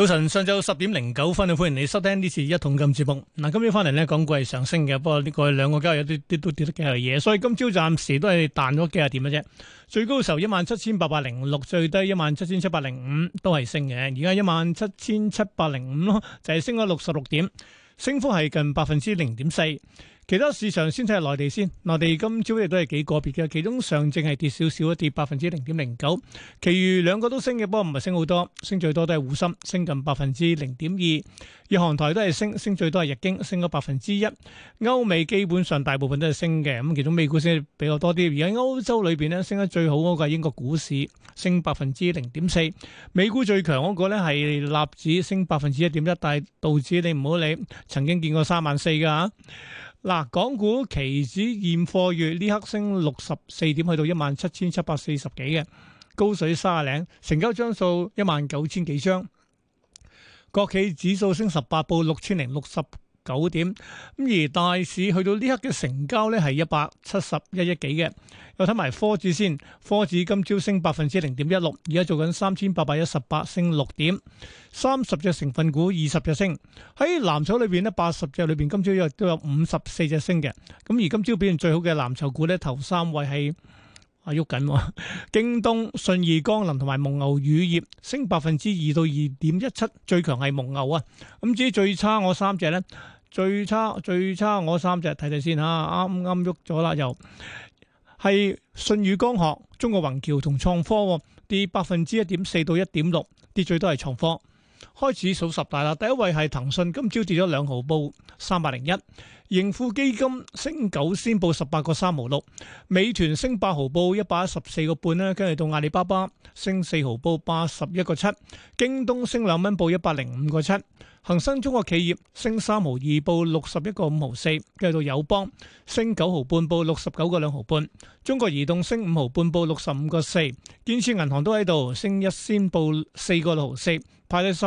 早晨，上晝十點零九分，歡迎你收聽呢次一桶金節目。嗱，今朝翻嚟咧，港股係上升嘅，不過呢個兩個交易有啲啲都跌得幾樣嘢，所以今朝暫時都係彈咗幾十點嘅啫。最高嘅時候一萬七千八百零六，最低一萬七千七百零五，都係升嘅。而家一萬七千七百零五咯，就係升咗六十六點，升幅係近百分之零點四。其他市場先睇下內地先。內地今朝亦都係幾個別嘅，其中上證係跌少少，一跌百分之零點零九。其餘兩個都升嘅，不過唔係升好多，升最多都係滬深，升近百分之零點二。日韓台都係升，升最多係日經，升咗百分之一。歐美基本上大部分都係升嘅，咁其中美股升得比較多啲。而喺歐洲裏邊呢，升得最好嗰個係英國股市，升百分之零點四。美股最強嗰個呢係納指，升百分之一點一，但係道指你唔好理，曾經見過三萬四㗎。嗱，港股期指現貨月呢刻升六十四點17，去到一萬七千七百四十幾嘅高水三十零，成交張數一萬九千幾張，國企指數升十八報六千零六十，九點，咁而大市去到呢刻嘅成交呢，係一百七十一億幾嘅。又睇埋科指先，科指今朝升百分之零點一六，而家做緊三千八百一十八，升六點，三十隻成分股二十隻升。喺藍籌裏邊呢，八十隻裏邊今朝又都有五十四隻升嘅。咁而今朝表現最好嘅藍籌股呢，頭三位係。啊喐緊、喎，京東、信義光能同埋蒙牛乳業升百分之二到二點一七，最強係蒙牛啊！咁至於最差我三隻咧，最差最差我三隻，睇睇先吓，啱啱喐咗啦，又係舜宇光學、中國宏橋同創科跌百分之一點四到一點六，跌最多係創科。開始數十大啦，第一位係騰訊，今朝跌咗兩毫，報三百零一。盈富基金升九仙，報十八個三毫六。美團升八毫，報一百一十四個半咧。跟住到阿里巴巴升四毫，報八十一個七。京東升兩蚊，報一百零五個七。恒生中國企業升三毫二，報六十一個五毫四；跟住到友邦升九毫半，報六十九個兩毫半。中國移動升五毫半，報六十五個四。建設銀行都喺度升一仙，報四個六毫四。派得十。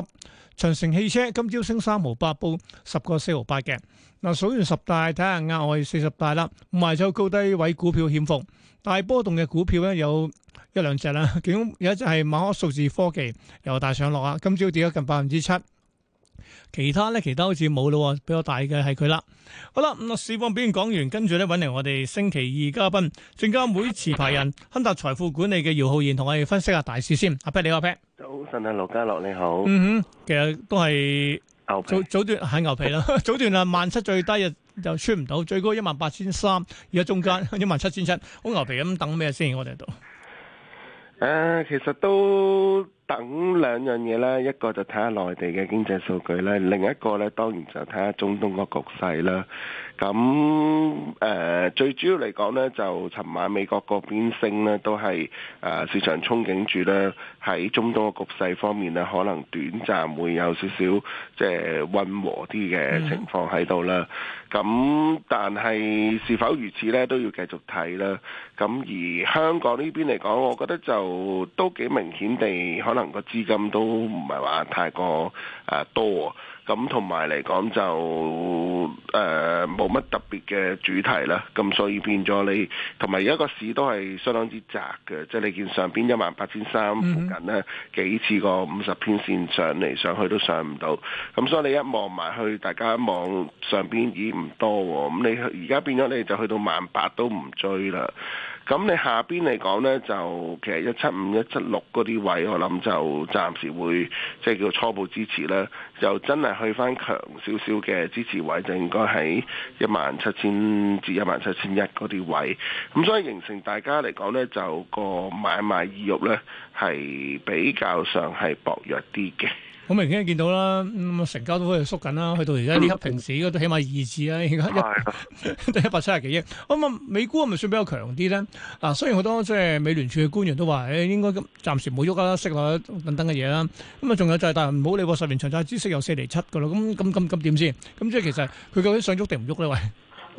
長城汽車今朝升三毫八，報十個四毫八嘅。嗱，數完十大，睇下額外四十大啦，埋咗高低位股票險覆，大波動嘅股票咧有一兩隻啦。其中有一隻係馬可數字科技，由大上落啊，今朝跌咗近百分之七。其他咧，其他好似冇咯，比較大嘅係佢啦。好啦，咁市況表現講完，跟住咧揾嚟我哋星期二嘉賓，證監會持牌人，亨達財富管理嘅姚浩然，同我哋分析下大市先。阿 Peter，你好，阿 Peter 早晨啊，盧家樂你好。嗯哼，其實都係牛皮，早早段係、啊、牛皮啦，早 段啊萬七最低又又穿唔到，最高一萬八千三，而家中間一萬七千七，好牛皮咁等咩先？我哋度誒，其實都。等兩樣嘢啦，一個就睇下內地嘅經濟數據啦，另一個咧當然就睇下中東個局勢啦。咁誒最主要嚟講咧，就尋晚美國嗰邊升咧，都係誒市場憧憬住咧，喺中東嘅局勢方面啊，可能短暫會有少少即係溫和啲嘅情況喺度啦。咁但係是否如此咧，都要繼續睇啦。咁而香港呢邊嚟講，我覺得就都幾明顯地。可能個資金都唔係話太過誒多，咁同埋嚟講就誒冇乜特別嘅主題啦。咁所以變咗你同埋而家個市都係相當之窄嘅，即係你見上邊一萬八千三附近呢、嗯、哼幾次個五十編線上嚟上去都上唔到。咁所以你一望埋去，大家一望上邊已經唔多喎。咁你而家變咗你就去到萬八都唔追啦。咁你下邊嚟講呢，就其實一七五、一七六嗰啲位，我諗就暫時會即係叫初步支持啦，就真係去翻強少少嘅支持位，就應該喺一萬七千至一萬七千一嗰啲位。咁所以形成大家嚟講呢，就個買賣意欲呢，係比較上係薄弱啲嘅。好明顯見到啦、嗯，成交都喺度縮緊啦，去到而家呢刻，平時都起碼二字啦，而家一 一百七十幾億，咁 啊美股咪算比較強啲咧？啊，雖然好多即係美聯儲嘅官員都話，誒、哎、應該暫時冇喐啦，息落等等嘅嘢啦。咁啊，仲有就係但係唔好理喎，十年長債息有四厘七㗎喇。咁咁咁咁點先？咁即係其實佢究竟想喐定唔喐咧？喂？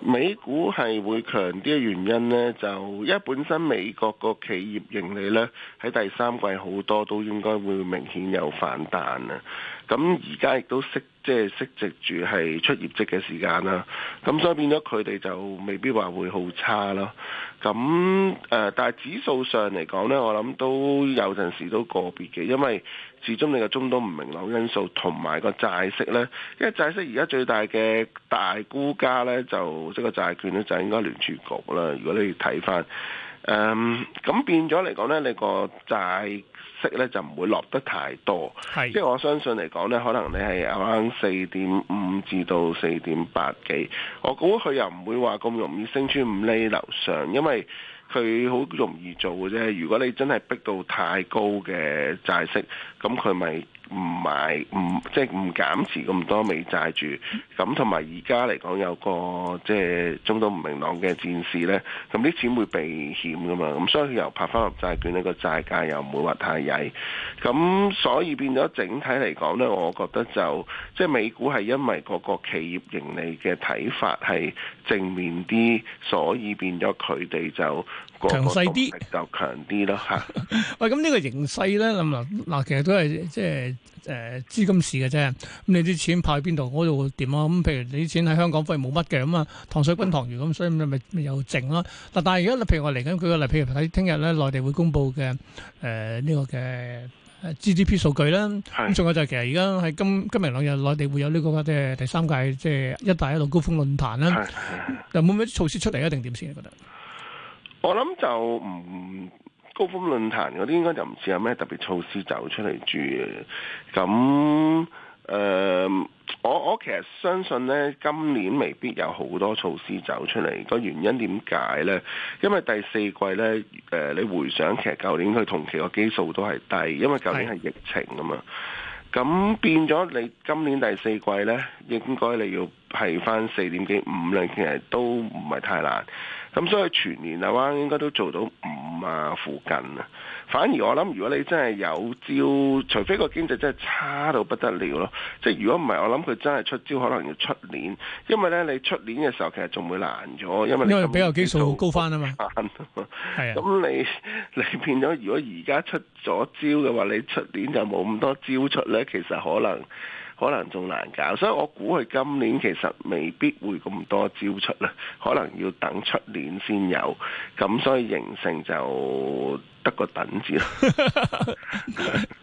美股係會強啲嘅原因呢，就因為本身美國個企業盈利呢，喺第三季好多都應該會明顯有反彈啊！咁而家亦都識。即係適值住係出業績嘅時間啦，咁所以變咗佢哋就未必話會好差咯。咁誒、呃，但係指數上嚟講呢，我諗都有陣時都個別嘅，因為始終你個中東唔明朗因素同埋個債息呢。因為債息而家最大嘅大估家呢，就即係個債券呢，就應該聯儲局啦。如果你要睇翻誒，咁、呃、變咗嚟講呢，你個債息咧就唔會落得太多，即係我相信嚟講咧，可能你係啱啱四點五至到四點八幾，我估佢又唔會話咁容易升穿五厘樓上，因為佢好容易做嘅啫。如果你真係逼到太高嘅債息，咁佢咪。 唔買唔即係唔減持咁多美債住，咁同埋而家嚟講有個即係、就是、中東唔明朗嘅戰事呢，咁啲錢會避險噶嘛，咁所以佢又拍翻入債券呢，呢個債價又唔會話太曳，咁所以變咗整體嚟講呢，我覺得就即係、就是、美股係因為個個企業盈利嘅睇法係正面啲，所以變咗佢哋就。強勢啲就強啲咯吓。喂、 嗯、咁、這、呢個形勢咧，諗嗱嗱，其實都係即係誒資金市嘅啫。咁你啲錢派去邊度，嗰度點啊？咁譬如你啲錢喺香港，可能冇乜嘅咁啊。塘水滾塘魚咁，所以咪咪又剩咯。嗱，但係而家，譬如我嚟緊舉個例，譬如睇聽日咧，內地會公布嘅誒呢個嘅 GDP 數據啦。咁仲是有就係其實而家喺今明兩日，內地會有呢、這個嘅第三屆即係一帶一路高峰論壇啦。係是。有冇咩措施出嚟一定點先？你覺得？我諗就唔高峰論壇嗰啲，應該就唔似有咩特別措施走出嚟住咁。誒、呃，我我其實相信呢，今年未必有好多措施走出嚟。個原因點解呢？因為第四季呢，誒、呃，你回想、呃、其實舊年佢同期個基數都係低，因為舊年係疫情啊嘛。咁變咗你今年第四季呢，應該你要係翻四點幾五咧，其實都唔係太難。咁所以全年啊話，應該都做到五啊附近啊。反而我諗，如果你真係有招，除非個經濟真係差到不得了咯。即係如果唔係，我諗佢真係出招，可能要出年。因為咧，你出年嘅時候其實仲會難咗，因為你因為比較基數好高翻啊嘛。係啊 的，咁你你變咗，如果而家出咗招嘅話，你出年就冇咁多招出咧，其實可能。可能仲難搞，所以我估佢今年其實未必會咁多招出啦，可能要等出年先有，咁所以形成就得個等字。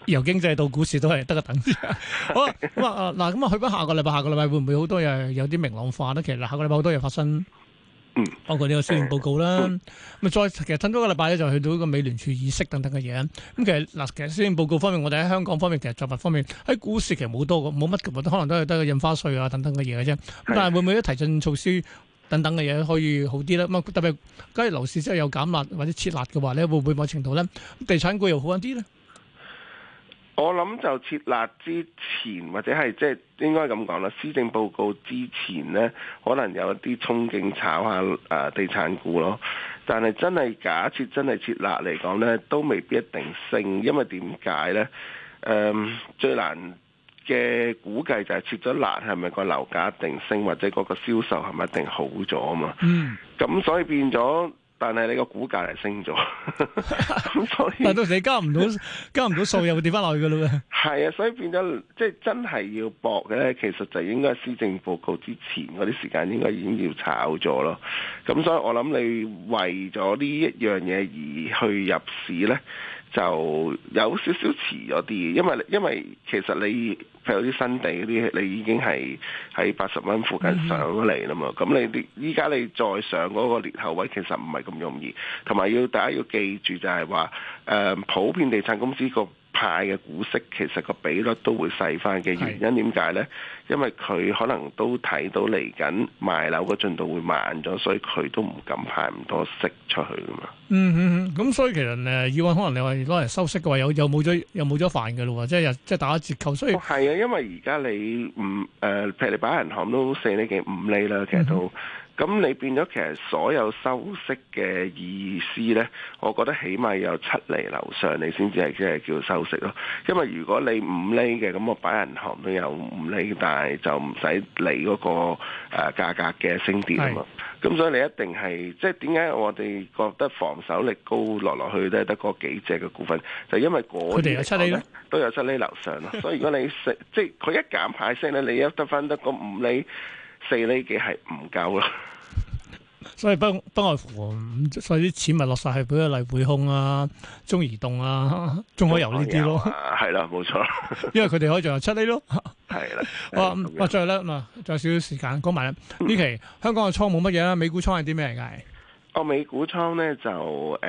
由經濟到股市都係得個等字。 好吧 啊，咁啊嗱，咁啊去返下個禮拜，下個禮拜會唔會好多嘢有啲明朗化咧？其實下個禮拜好多嘢發生。包括呢個施政報告啦，咪、嗯嗯、再其實近多個禮拜咧，就去到呢個美聯儲議息等等嘅嘢。咁其實嗱，其實施政報告方面，我哋喺香港方面，其實作物方面喺股市其實冇多咁，冇乜嘅可能都係得個印花稅啊等等嘅嘢嘅啫。咁但係會唔會啲提振措施等等嘅嘢可以好啲咧？咁特別，假如樓市真係有減辣或者撤辣嘅話咧，會唔會某程度咧地產股又好一啲咧？我諗就撤辣之前或者係即係應該咁講啦，施政報告之前呢，可能有一啲憧憬炒下啊、呃、地產股咯。但係真係假設真係撤辣嚟講呢，都未必一定升，因為點解呢？誒、呃，最難嘅估計就係撤咗辣，係咪個樓價一定升，或者嗰個銷售係咪一定好咗啊？嘛，嗯，咁所以變咗。但係你個股價係升咗， 所以 但到時你加唔到 加唔到數又會跌翻落去噶啦喎。係 啊，所以變咗即係真係要搏嘅咧，其實就應該施政報告之前嗰啲時間應該已經要炒咗咯。咁所以我諗你為咗呢一樣嘢而去入市咧。就有少少遲咗啲，因為因為其實你譬如啲新地啲，你已經係喺八十蚊附近上嚟啦嘛，咁、mm hmm. 你啲依家你再上嗰個年後位，其實唔係咁容易，同埋要大家要記住就係話，誒、嗯、普遍地產公司個。派嘅股息其實個比率都會細翻嘅原因點解咧？因為佢可能都睇到嚟緊賣樓嘅進度會慢咗，所以佢都唔敢派咁多息出去噶嘛。嗯嗯，咁、嗯嗯嗯、所以其實誒、呃、以往可能你話攞嚟收息嘅話，有有冇咗有冇咗飯嘅嘞？或者又即係打折扣。所以係、哦、啊，因為而家你唔誒、呃、譬如你擺銀行都四厘幾五厘啦，其實都。嗯嗯咁你變咗其實所有收息嘅意思咧，我覺得起碼有七釐樓上，你先至係即係叫收息咯。因為如果你五釐嘅，咁我擺銀行都有五釐，但係就唔使理嗰個誒價格嘅升跌啊嘛。咁所以你一定係即係點解我哋覺得防守力高，落落去咧得嗰幾隻嘅股份，就因為嗰啲佢哋有七釐咧，都有七釐樓上咯。所以如果你四即係佢一減派息咧，你一得翻得個五釐四釐幾係唔夠啦。所以不不外乎，所以啲錢咪落晒去嗰個例滙控啊、中移動啊、中海油呢啲咯，係啦， 冇錯，因為佢哋可以做下七厘咯，係、嗯、啦。哇、啊，哇，最後咧，仲有少少時間，講埋啦。呢期香港嘅倉冇乜嘢啦，美股倉係啲咩嚟噶？哦，美股倉咧就誒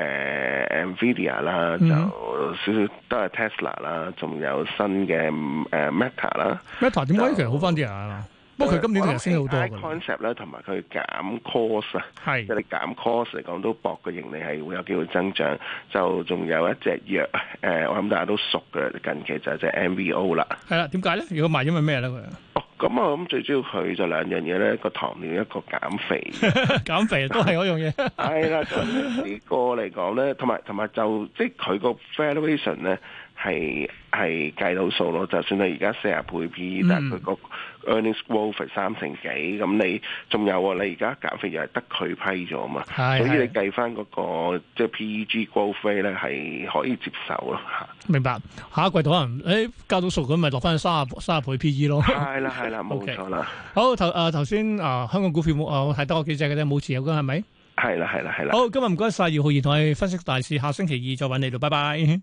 ，Nvidia 啦，就、呃 IA, 就嗯、少少都係 Tesla 啦，仲有新嘅誒，Meta 啦，Meta 點解呢期好翻啲啊？不過佢今年嘅升好多嘅，concept 咧，同埋佢減 cost 啊，即係你減 cost 嚟講都薄嘅盈利係會有機會增長，就仲有一隻藥，誒，我諗大家都熟嘅，近期就係隻 MVO 啦。係啦，點解咧？如果賣咗為咩咧？哦，咁我諗最主要佢就兩樣嘢咧，個糖尿一個減肥， 減肥都係嗰樣嘢。係 啦、哎，個呢個嚟講咧，同埋同埋就即係佢個 valuation 咧。係係計到數咯，就算你而家四十倍 PE，嗯，但係佢個 earnings growth 係三成幾，咁，嗯、你仲有你而家減費又係得佢批咗嘛？是是所以你計翻嗰個即係 PEG growth 咧係可以接受咯，明白，下一季度可能誒加到數佢咪落翻三三十倍 PE 咯。係啦係啦，冇錯啦。錯 好，頭誒頭先誒香港股票我睇多咗幾隻嘅啫，冇持有噶係咪？係啦係啦係啦。的好，今日唔該晒姚浩然同我分析大事，下星期二再搵你咯，拜拜。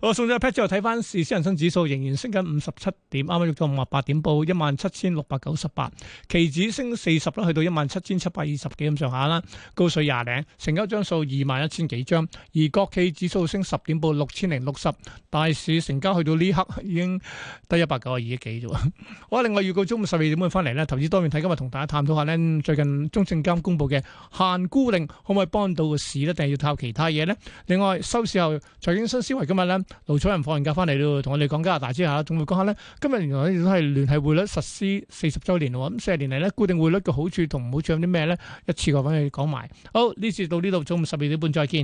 我送咗一 pat 之後，睇翻市，恒生指數仍然升緊五十七點，啱啱錄咗五十八點，報一萬七千六百九十八，期指升四十啦，去到一萬七千七百二十幾咁上下啦，高水廿零，成交張數二萬一千幾張，而國企指數升十點，報六千零六十，大市成交去到呢刻已經得一百九十二億幾啫。我另外預告中午十二點會翻嚟，呢投資多面睇今日同大家探討下呢，最近中證監公布嘅限沽令可唔可以幫到個市呢？定係要靠其他嘢呢？另外收市後財經新思維今日咧，盧楚仁放完假翻嚟咯，同我哋講加拿大之後，仲會講下咧。今日原來亦都係聯繫匯率實施四十周年咯。咁四十年嚟咧，固定匯率嘅好處同唔好處有啲咩咧？一次過翻去講埋。好，呢次到呢度，中午十二點半再見。